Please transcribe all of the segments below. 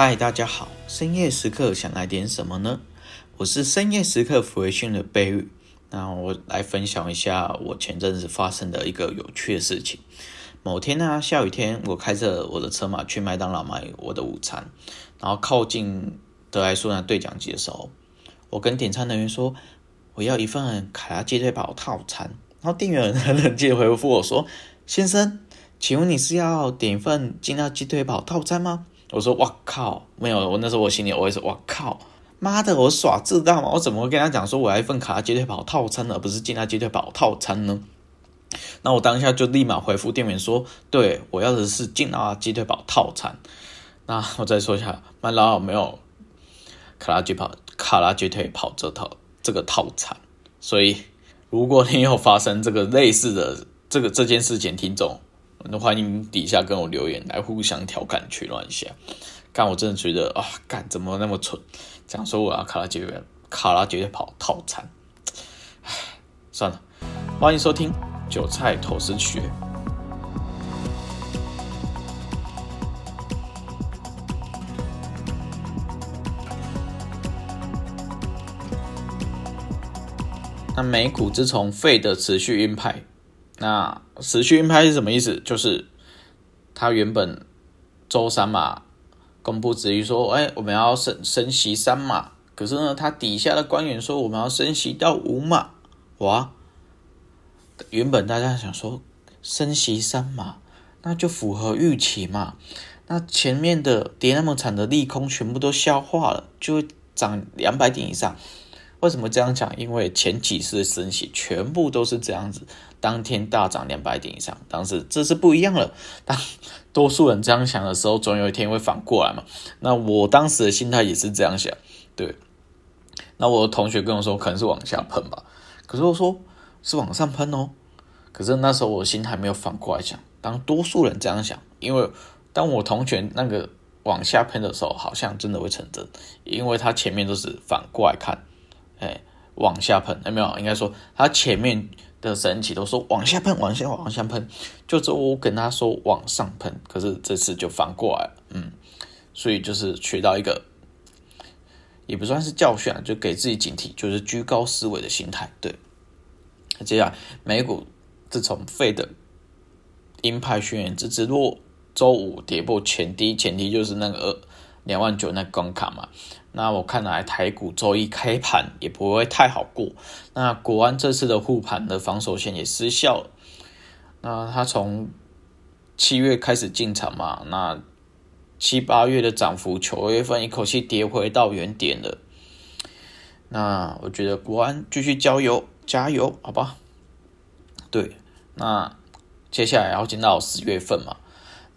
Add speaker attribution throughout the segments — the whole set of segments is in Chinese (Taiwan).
Speaker 1: 嗨，Hi, 大家好。深夜時刻想來點什麼呢？我是深夜時刻撫慰心靈的 Barry 那我來分享一下我前陣子發生的一個有趣的事情。某天呢、啊，下雨天，我開着我的車嘛去麥當勞買我的午餐。然後靠近得來速那對講機的時候，我跟點餐人員說我要一份卡拉雞腿堡套餐。然後店員很冷靜地回覆我說：“先生，請問你是要點一份勁辣雞腿堡套餐嗎？”我說，哇靠，沒有！我那時候我心裡我會說，哇靠，媽的，我耍智障嗎？我怎麼會跟他講說我要一份卡拉雞腿堡套餐，而不是勁辣雞腿堡套餐呢？那我當下就立馬回復店員說，對，我要的是勁辣雞腿堡套餐。那我再說一下，麥當勞沒有卡拉雞腿、卡拉雞腿堡這套這個套餐。所以，如果你有發生這個類似的這個這件事情，聽眾。歡迎底下跟我留言來互相調侃取暖一下。但我真的覺得啊，幹，怎麼那麼蠢？這樣說，我要卡拉杰克卡拉杰克跑套餐，唉，算了。歡迎收聽韭菜投資學。那美股自從 Fed 的持續鷹派。那死鷹派是什麼意思？就是他原本周三嘛，公布至於說，哎、欸，我們要升升息三碼，可是呢，他底下的官員說我們要升息到五碼。哇！原本大家想說升息三碼，那就符合預期嘛。那前面的跌那麼慘的利空全部都消化了，就漲兩百點以上。為什麼這樣講？因為前幾次升息全部都是這樣子。當天大漲兩百點以上，當時這是不一樣了。當多數人這樣想的時候，總有一天會反過來嘛。那我當時的心態也是這樣想，對。那我的同學跟我說可能是往下噴吧，可是我說是往上噴哦。可是那時候我的心還沒有反過來想，當多數人這樣想，因為當我同學那個往下噴的時候，好像真的會成真，因為他前面都是反過來看，哎，往下噴，有沒有？應該說他前面。的神奇都說往下噴，往下往下噴，就週五我跟他說往上噴，可是這次就反過來了，嗯，所以就是學到一個，也不算是教訓啊，就給自己警惕，就是居高思維的心態，對。接下來美股自從 Fed 的鷹派宣言，這只若週五跌破前低，前低就是那個。兩萬九那關卡嘛，那我看來台股周一開盤也不會太好過。那國安這次的護盤的防守線也失效了，那他從七月開始進場嘛，那七八月的漲幅，九月份一口氣跌回到原點了。那我覺得國安繼續加油，加油，好吧？對，那接下來要進到十月份嘛。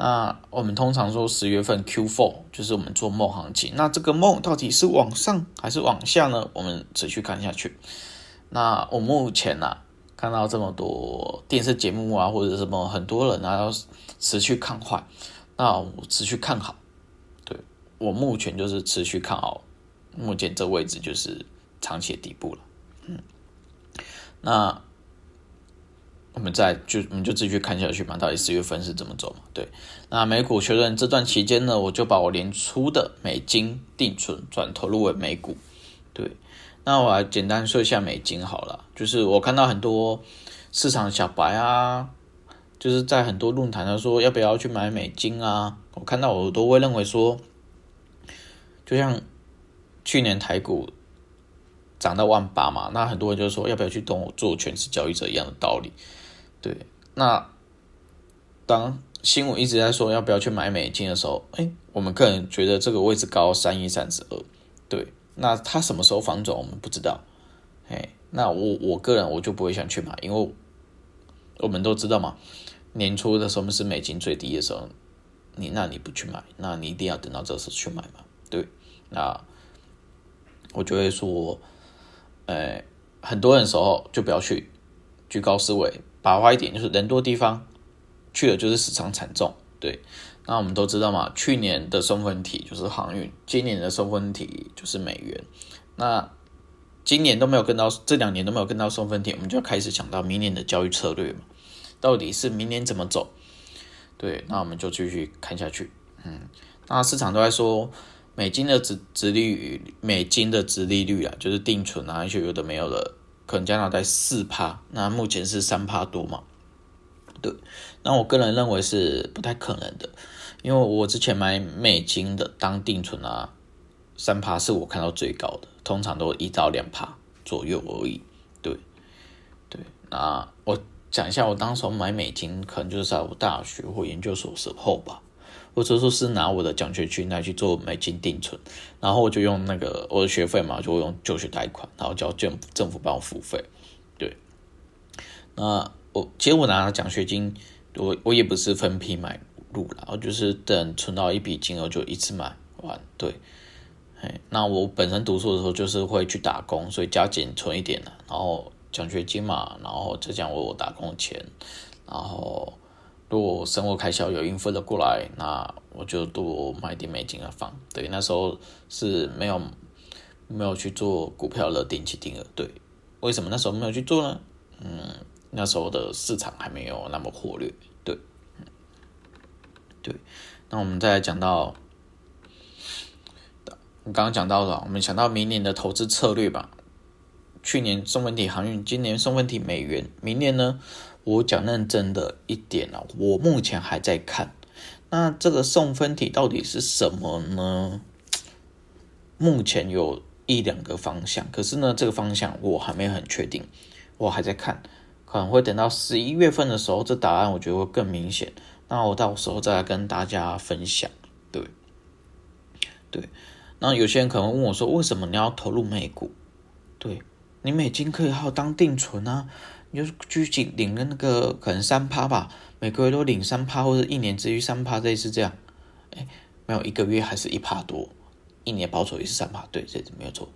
Speaker 1: 那我們通常說十月份 Q4 就是我們做夢行情，那這個夢到底是往上還是往下呢？我們持續看下去。那我目前呢、啊，看到這麼多電視節目啊，或者什麼很多人啊，要持續看壞，那我持續看好。對，我目前就是持續看好，目前這位置就是長期的底部了。嗯，那。我們再就我們就自己去看下去嘛，到底十月份是怎麼走嘛？對，那美股確認這段期間呢，我就把我年初的美金定存轉投入為美股。對，那我來簡單說一下美金好了，就是我看到很多市場小白啊，就是在很多論壇上說要不要去買美金啊，我看到我都會認為說，就像去年台股漲到萬八嘛，那很多人就說要不要去動我做全職交易者一樣的道理。對，那當新聞一直在說要不要去買美金的時候，哎，我們個人覺得這個位置高三一三十二。對，那它什麼時候反轉我們不知道，哎，那我我個人我就不會想去買，因為我們都知道嘛，年初的時候是美金最低的時候，你那你不去買，那你一定要等到這時候去買嘛？對，那我就會說，哎，很多人的時候就不要去居高思危。白話一點就是人多地方去了就是死傷慘重，對。那我們都知道嘛，去年的送分題就是航運，今年的送分題就是美元。那今年都沒有跟到，這兩年都沒有跟到送分題，我們就要開始想到明年的交易策略嘛？到底是明年怎麼走？對，那我們就繼續看下去。嗯，那市場都在說美金的殖殖利率，美金的殖利率啊，就是定存啊，一些有的沒有的。可能加拿大四趴，那目前是三趴多嘛？對，那我個人認為是不太可能的，因為我之前買美金的當定存啊，三趴是我看到最高的，通常都一到兩趴左右而已。對，對，那我講一下，我當時候買美金，可能就是在我大學或研究所時候吧。或者說是拿我的獎學金拿去做美金定存，然後我就用那個我的學費嘛，就用就學貸款，然後交政府，政府幫我付費，對。那我其實我拿了獎學金，我我也不是分批買入，然後就是等存到一筆金額就一次買完，對。哎，那我本身讀書的時候就是會去打工，所以加減存一點，然後獎學金嘛，然後就這樣為我打工錢，然後。如果生活開銷有應付的過來，那我就多買點美金的房。對，那時候是沒有沒有去做股票的定期定額。對，為什麼那時候沒有去做呢？嗯，那時候的市場還沒有那麼活躍。對，對。那我們再來講到，我們剛剛講到了，我們想到明年的投資策略吧。去年送分題航運，今年送分題美元，明年呢？我講認真的一點啊，我目前還在看，那這個送分題到底是什麼呢？目前有一兩個方向，可是呢，這個方向我還沒很確定，我還在看，可能會等到十一月份的時候，這答案我覺得會更明顯，那我到時候再來跟大家分享。對，對，那有些人可能問我說，為什麼你要投入美股？對，你美金可以好當定存啊。就是基金領的那個可能三趴吧，每個月都領三趴，或者一年之於三趴，類似這樣。哎、欸，沒有一個月還是一趴多，一年保守也是三趴，對，這是沒有錯。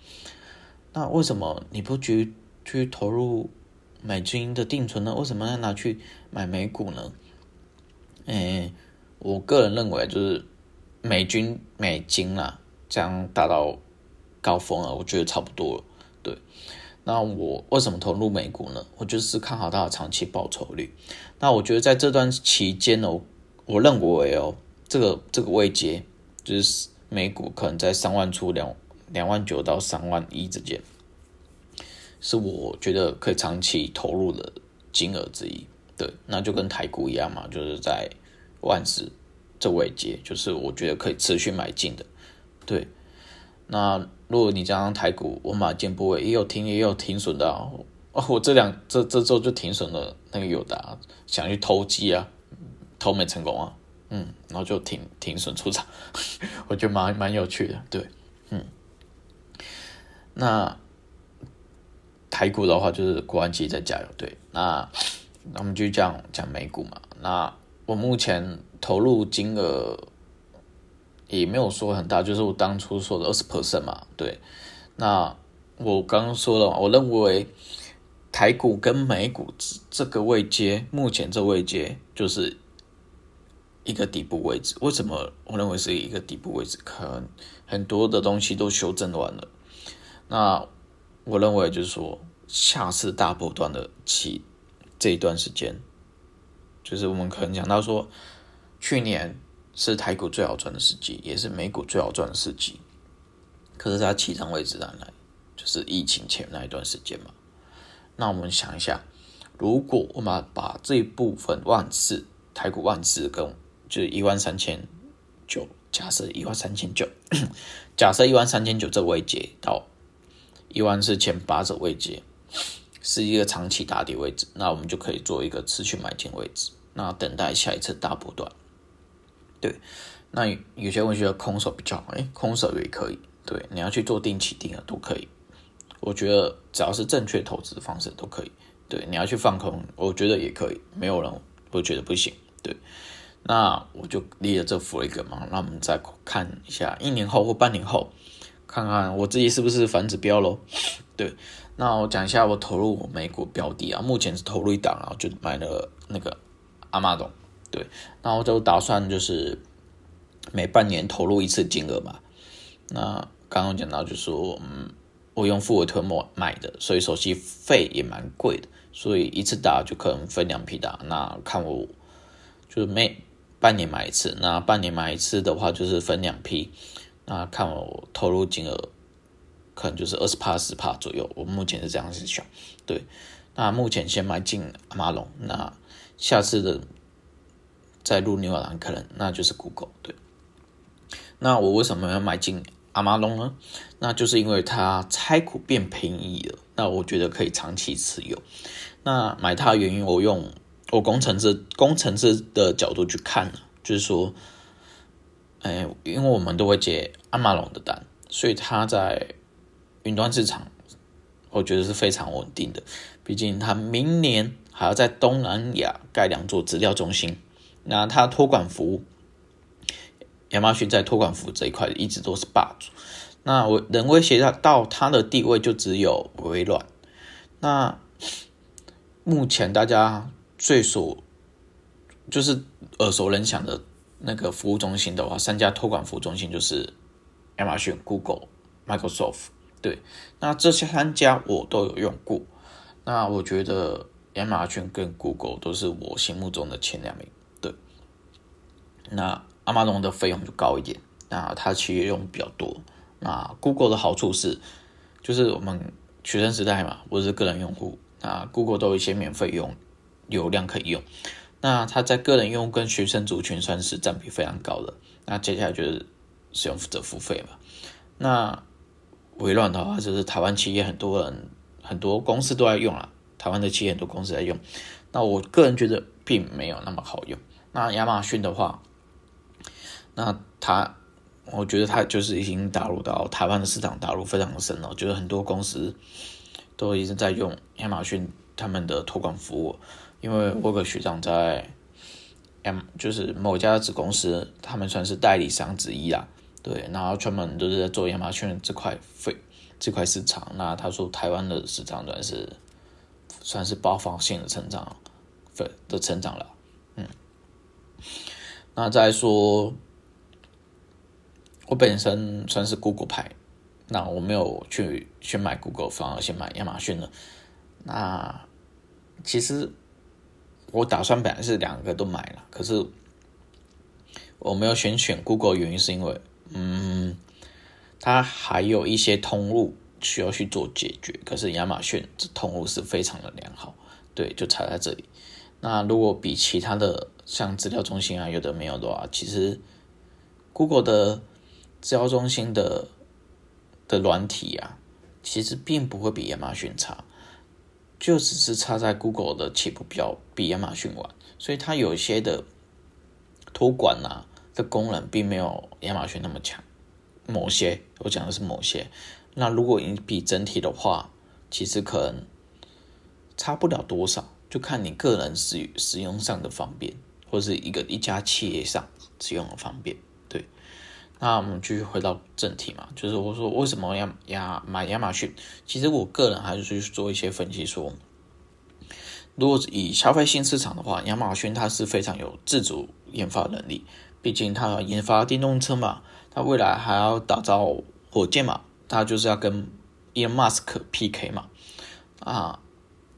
Speaker 1: 那為什麼你不去去投入美金的定存呢？為什麼要拿去買美股呢？嗯、欸，我個人認為就是美金美金啦，這樣達到高峰啊，我覺得差不多，對。那我為什麼投入美股呢？我就是看好它的長期報酬率。那我覺得在這段期間呢，我認為哦、這個，這個這個位階就是美股可能在三萬出兩兩萬九到三萬一之間，是我覺得可以長期投入的金額之一。對，那就跟台股一樣嘛，就是在萬十這個、位階，就是我覺得可以持續買進的。對，那。如果你講台股，我買進部位也有停，也有停損的、哦，、我這兩這這週就停損了，那個友達想去投機啊，投沒成功啊，嗯，然後就停停損出場呵呵，我覺得蠻蠻有趣的，對，嗯。那台股的話，就是國安期在加油，對。那那我們就講講美股嘛。那我目前投入金額。也沒有說很大，就是我當初說的二十 percent 嘛。對，那我剛剛說了，我認為台股跟美股這這個位階，目前這個位階就是一個底部位置。為什麼我認為是一個底部位置？可能很多的東西都修正完了。那我認為就是說，下次大波段的起這一段時間，就是我們可能講到說去年。是台股最好賺的時機，也是美股最好賺的時機。可是，它起漲位置在哪裡？就是疫情前那一段時間嘛。那我們想一下，如果我們把這一部分萬四，台股萬四跟，就是一萬三千九，假設一萬三千九，假設一萬三千九這個位階到一萬四千八這個位階，是一個長期打底位置，那我們就可以做一個持續買進位置，那等待下一次大波段。對，那有，有些人覺得空手比較好，好，欸，空手也可以。對，你要去做定期定額都可以。我覺得只要是正確投資方式都可以。對，你要去放空，我覺得也可以，沒有人我覺得不行。對，那我就立了這 flag 嘛，那我們再看一下一年後或半年後，看看我自己是不是反指標咯。對，那我講一下我投入美國標的啊，目前是投入一檔，然後就買了那個 Amazon。對，然後就打算就是每半年投入一次金額嘛。那剛剛講到就是，嗯，我用複委託買的，所以手續費也蠻貴的，所以一次打就可能分兩批打。那看我就是每半年買一次，那半年買一次的話就是分兩批。那看我投入金額可能就是二十趴十趴左右，我目前是這樣子想。對，那目前先買進阿龍，那下次的。再入紐爾蘭可能那就是 Google 對，那我為什麼要買進 Amazon 呢？那就是因為它拆股變便,便宜了，那我覺得可以長期持有。那買它的原因，我用我工程師工程師的角度去看呢，就是說，哎，因為我們都會接 Amazon 的單，所以它在雲端市場，我覺得是非常穩定的。畢竟它明年還要在東南亞蓋兩座資料中心。那它託管服務，亞馬遜在託管服務這一塊一直都是霸主。那我能威脅到到它的地位就只有微軟。那目前大家最熟，就是耳熟能詳的那個服務中心的話，三家託管服務中心就是亞馬遜、Google、Microsoft。對，那這三家我都有用過。那我覺得亞馬遜跟 Google 都是我心目中的前兩名。那 Amazon 的費用就高一點，那它企業用比較多。那 Google 的好處是，就是我們學生時代嘛，我是個人用戶，那 Google 都有一些免費用流量可以用。那它在個人用跟學生族群算是佔比非常高的。那接下來就是使用者付費嘛。那微軟的話，就是台灣企業很多人，很多公司都在用啦，台灣的企業很多公司在用。那我個人覺得並沒有那麼好用。那亞馬遜的話。那他，我覺得他就是已經打入到台灣的市場，打入非常的深了。就是很多公司都一直在用亞馬遜他們的托管服務，因為沃克學長在 M 就是某家子公司，他們算是代理商之一啦。對，然後他們都是在做亞馬遜這塊費這塊市場。那他說台灣的市場算是算是爆發性的成長，的的成長了。嗯，那再說。我本身算是 Google 派，那我沒有去先買 Google，反而先買亞馬遜了。那其實我打算本來是兩個都買了，可是我沒有選選 Google，原因是因為，嗯，它還有一些通路需要去做解決，可是亞馬遜這通路是非常的良好，對，就差在這裡。那如果比其他的像資料中心啊有的沒有的話，其實 Google 的。資料中心的的軟體啊，其實並不會比亞馬遜差，就只是差在 Google 的起步比較比亞馬遜晚，所以它有些的托管啊的功能，並沒有亞馬遜那麼強。某些，我講的是某些，那如果你比整體的話，其實可能差不了多少，就看你個人使使用上的方便，或者是一個一家企業上使用的方便，對。那我們繼續回到正題嘛，就是我說為什麼要買亞馬遜？其實我個人還是去做一些分析說，說如果以消費性市場的話，亞馬遜它是非常有自主研發能力，畢竟它研發電動車嘛，它未來還要打造火箭嘛，它就是要跟 Elon Musk PK 嘛，啊，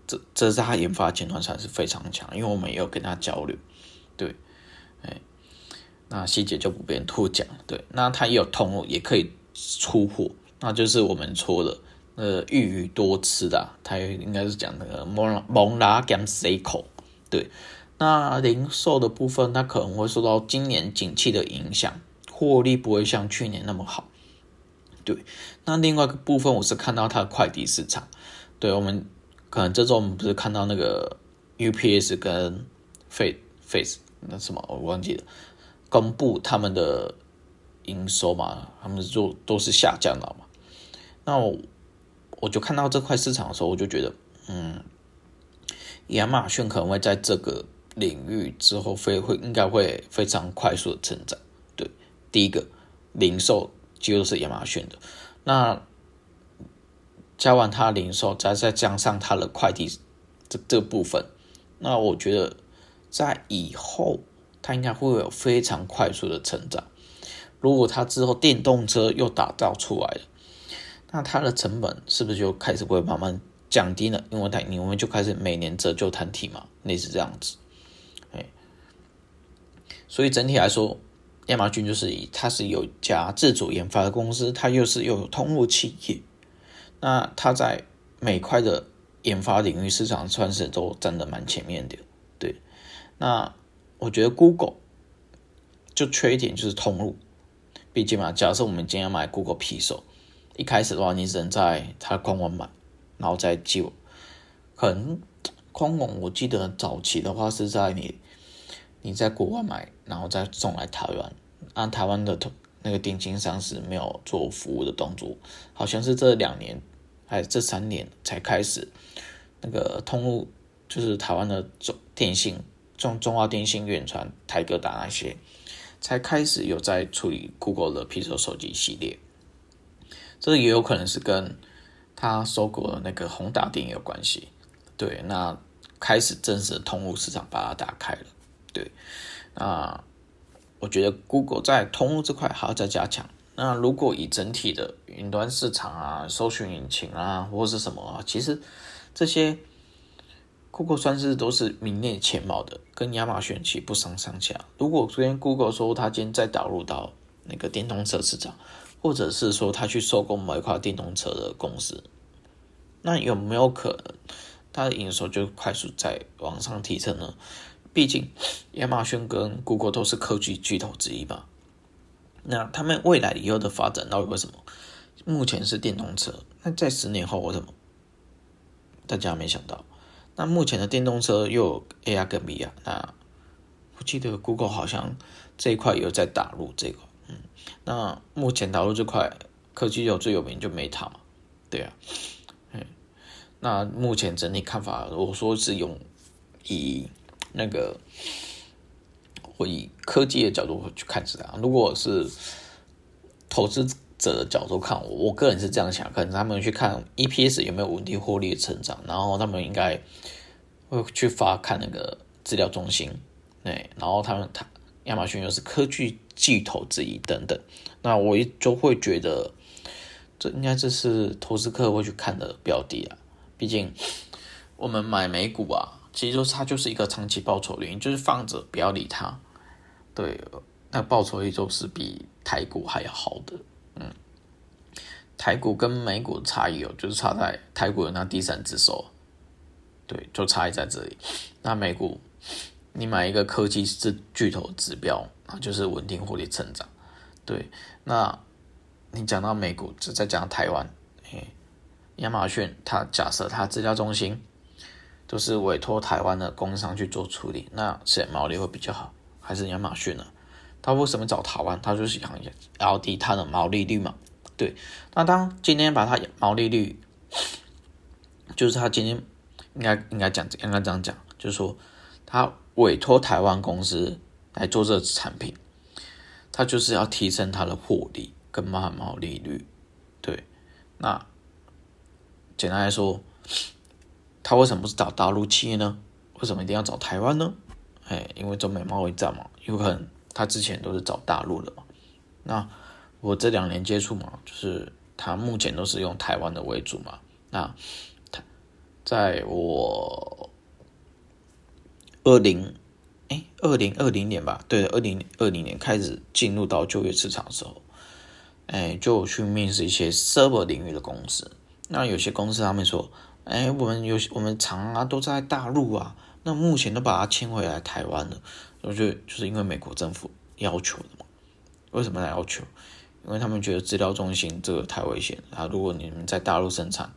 Speaker 1: 這這是它研發前端才是非常強，因為我們也有跟他交流，對。那細節就不便吐講，對，那它也有通路，也可以出貨。那就是我們說的，呃、那個啊，欲欲多次的，它應該是講的蒙拉蒙拉甘 c 口。對，那零售的部分，它可能會受到今年景氣的影響，獲利不會像去年那麼好。對，那另外一個部分，我是看到它的快遞市場。對我們，可能這周我們不是看到那個 UPS 跟 Face Face 那什麼，我忘記了。公佈他們的營收嘛，他們就都是下降了嘛。那我，我就看到這塊市場的時候，我就覺得，嗯，亞馬遜可能會在這個領域之後會會應該會非常快速的成長。對，第一個零售就是亞馬遜的。那加完它零售，再再加上它的快遞，這這部分，那我覺得在以後。它應該會有非常快速的成長。如果它之後電動車又打造出來了，那它的成本是不是就開始會慢慢降低了？因為它你們就開始每年折舊攤提嘛，類似這樣子。所以整體來說，亞馬遜就是以它是有一家自主研發的公司，它又是有通訊企業，那它在每塊的研發領域市場的算是都站得蠻前面的。對，那。我覺得 Google 就缺一點就是通路。畢竟嘛，假設我們今天要買 Google Pixel，一開始的話，你只能在它官網買，然後再就，可能官網我記得早期的話是在你你在國外買，然後再送來台灣，按台灣的那個電信商是沒有做服務的動作，好像是這兩年還是這三年才開始那個通路，就是台灣的總電信。中中華電信、遠傳、台哥大那些，才開始有在處理 Google 的 Pixel 手機系列，這也有可能是跟他收購的那個宏達電有關係。對，那開始正式的通路市場把它打開了。對，那我覺得 Google 在通路這塊還要再加強。那如果以整體的雲端市場啊、搜尋引擎啊，或是什麼、啊，其實這些。Google 算是都是名列前茅的，跟亞馬遜其實不相上下。如果昨天 Google 說他今天再導入到那個電動車市場，或者是說他去收購某一塊電動車的公司，那有沒有可能他的營收就快速在往上提升呢？畢竟亞馬遜跟 Google 都是科技巨頭之一吧？那他們未來以後的發展到底為什麼？目前是電動車，那在十年後是什麼？大家沒想到。那目前的電動車又有 AR 跟 VR 啊，那我記得 Google 好像這一塊有在打入這個，嗯，那目前打入這塊科技有最有名就 Meta 嘛，對啊，嗯，那目前整體看法，我說是用以那個會以科技的角度去看市場，如果是投資。這個角度看我，我我個人是這樣想的，可能他們去看 EPS 有沒有穩定獲利的成長，然後他們應該會去發看那個資料中心，對，然後他們他亞馬遜又是科技巨頭之一等等，那我就會覺得這應該這是投資客會去看的標的啊。畢竟我們買美股啊，其實它就是一個長期報酬率，就是放着不要理它，對，那報酬率就是比台股還要好的。嗯，台股跟美股差異哦，就是差在台股有那第三隻手，對，就差異在這裡。那美股，你買一個科技這巨頭指標，那就是穩定獲利成長。對，那你講到美股，就再講台灣，嘿，亞馬遜，它假設它製造中心都是委託台灣的工商去做處理，那誰毛利會比較好？還是亞馬遜呢？他為什麼找台灣？他就是想要低他的毛利率嘛。對，那當今天把他毛利率，就是他今天應該應該講，應該這樣講，就是說他委託台灣公司來做這個產品，他就是要提升他的獲利跟毛毛利率。對，那簡單來說，他為什麼不是找大陸企業呢？為什麼一定要找台灣呢？哎，因為中美貿易戰嘛，有可能。他之前都是找大陸的嘛，那我這兩年接觸嘛，就是他目前都是用台灣的為主嘛。那他在我二零哎，二零二零年吧，對，二零二零年開始進入到就業市場的時候，哎、欸，就去面試一些 server 領域的公司。那有些公司他們說，哎、欸，我們有我們廠啊都在大陸啊，那目前都把它遷回來台灣了。我覺得就是因為美國政府要求的嘛，為什麼來要求？因為他們覺得資料中心這個太危險啊，如果你們在大陸生產，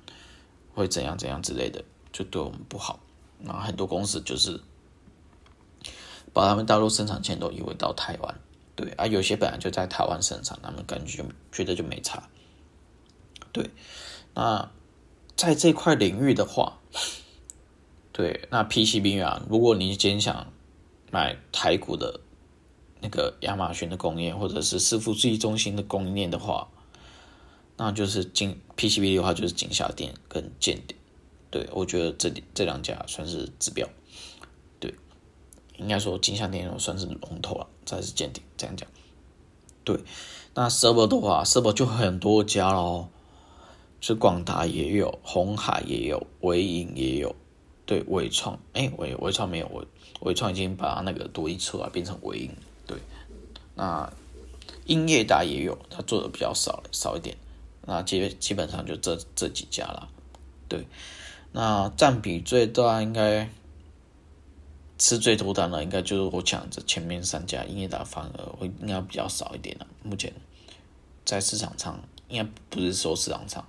Speaker 1: 會怎樣怎樣之類的，就對我們不好。然、啊、後很多公司就是把他們大陸生產線都移回到台灣，對啊，有些本來就在台灣生產，他們感覺覺得就沒差。對，那在這塊領域的話，對，那 PCB 啊，如果你今天想。買台股的那個亞馬遜的供應鏈，或者是世富最中心的供應鏈的話，那就是金 PCB 的話，就是金相店跟鑑定對我覺得這這兩家算是指標。對，應該說金相電算是龍頭了，再是鑑定這樣講。對，那 Server 的話，e r 就很多家咯，是廣達也有，紅海也有，偉影也有。對緯創，哎，偉緯創沒有，緯創已經把那個獨一車啊變成緯穎。對，那英業達也有，他做的比較少，少一點，那基基本上就這這幾家了，對，那占比最大應該吃最多單的，應該就是我講的前面三家，英業達反而會應該比較少一點了，啊，目前在市場上，應該不是說市場上。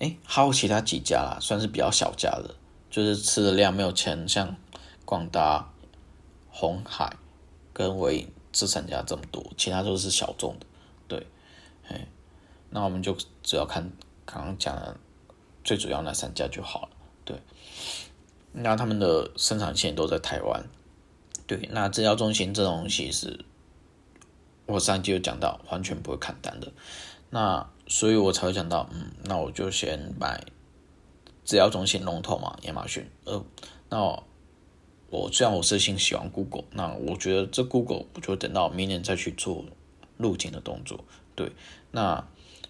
Speaker 1: 誒，還有其他幾家啦，算是比較小家的，就是吃的量沒有前像廣達、鴻海，跟威智三家這麼多，其他都是小眾的。對，哎，那我們就只要看剛剛講的最主要那三家就好了。對，那他們的生產線都在台灣。對，那制藥中心這種東西是，我上一集有講到，完全不會砍單的。那所以我才會想到，嗯，那我就先買，只要中心龍頭嘛，亞馬遜。呃，那我，我雖然我是心喜歡 Google，那我覺得這 Google 我就等到明年再去做入金的動作。對，那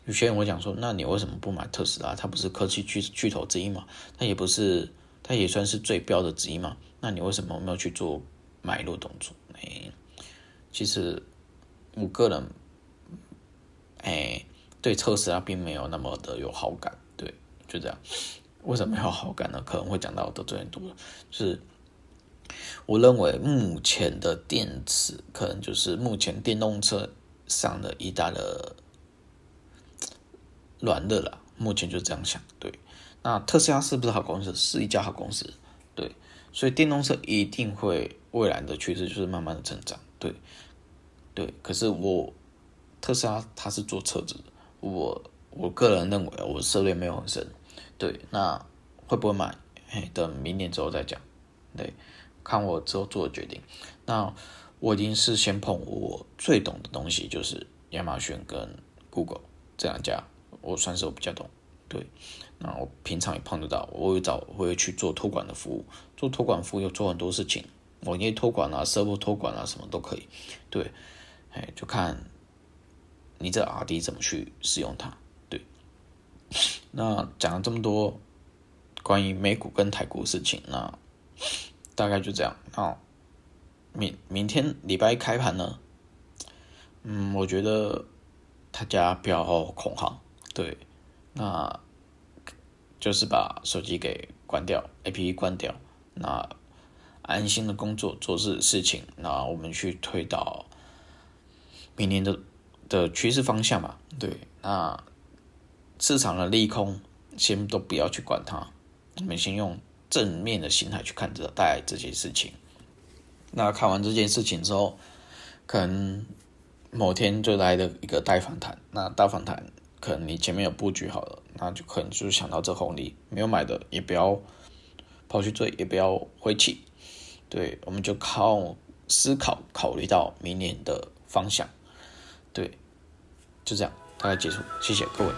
Speaker 1: 有些人我講說，那你為什麼不買特斯拉？它不是科技巨巨頭之一嘛？它也不是，它也算是最標的之一嘛？那你為什麼沒有去做買入動作？哎、欸，其實我個人，哎、欸。對特斯拉並沒有那麼的有好感，對，就這樣。為什麼沒有好感呢？可能會講到我得罪人多了。就是我認為目前的電池，可能就是目前電動車上的一大的軟肋了。目前就這樣想，對。那特斯拉是不是好公司？是一家好公司，對。所以電動車一定會未來的趨勢就是慢慢的成長，對。對，可是我特斯拉它是做車子的。我我個人認為，我涉獵沒有很深。對，那會不會買？嘿，等明年之後再講。對，看我之後做的決定。那我一定是先碰我最懂的東西，就是亞馬遜跟 Google 這兩家，我算是我比較懂。對，那我平常也碰得到，我會找我會去做托管的服務，做托管服務又做很多事情，網頁托管啊，Server 托管啊，什麼都可以。對，哎，就看。你這 R D 怎麼去使用它？對， 那講了這麼多關於美股跟台股事情，那大概就這樣。那明明天禮拜一開盤呢，嗯，我覺得大家不要恐慌，對，那就是把手機給關掉，A P P 關掉，那安心的工作做事事情。那我們去推到明天的。的趨勢方向嘛，對，那市場的利空先都不要去管它，我們先用正面的心態去看着待這件事情。那看完這件事情之後，可能某天就來了一個大反彈，那大反彈可能你前面有布局好了，那就可能就是想到這後，你沒有買的也不要跑去追，也不要回去，對，我們就靠思考考慮到明年的方向，對。就這樣，大概結束，謝謝各位。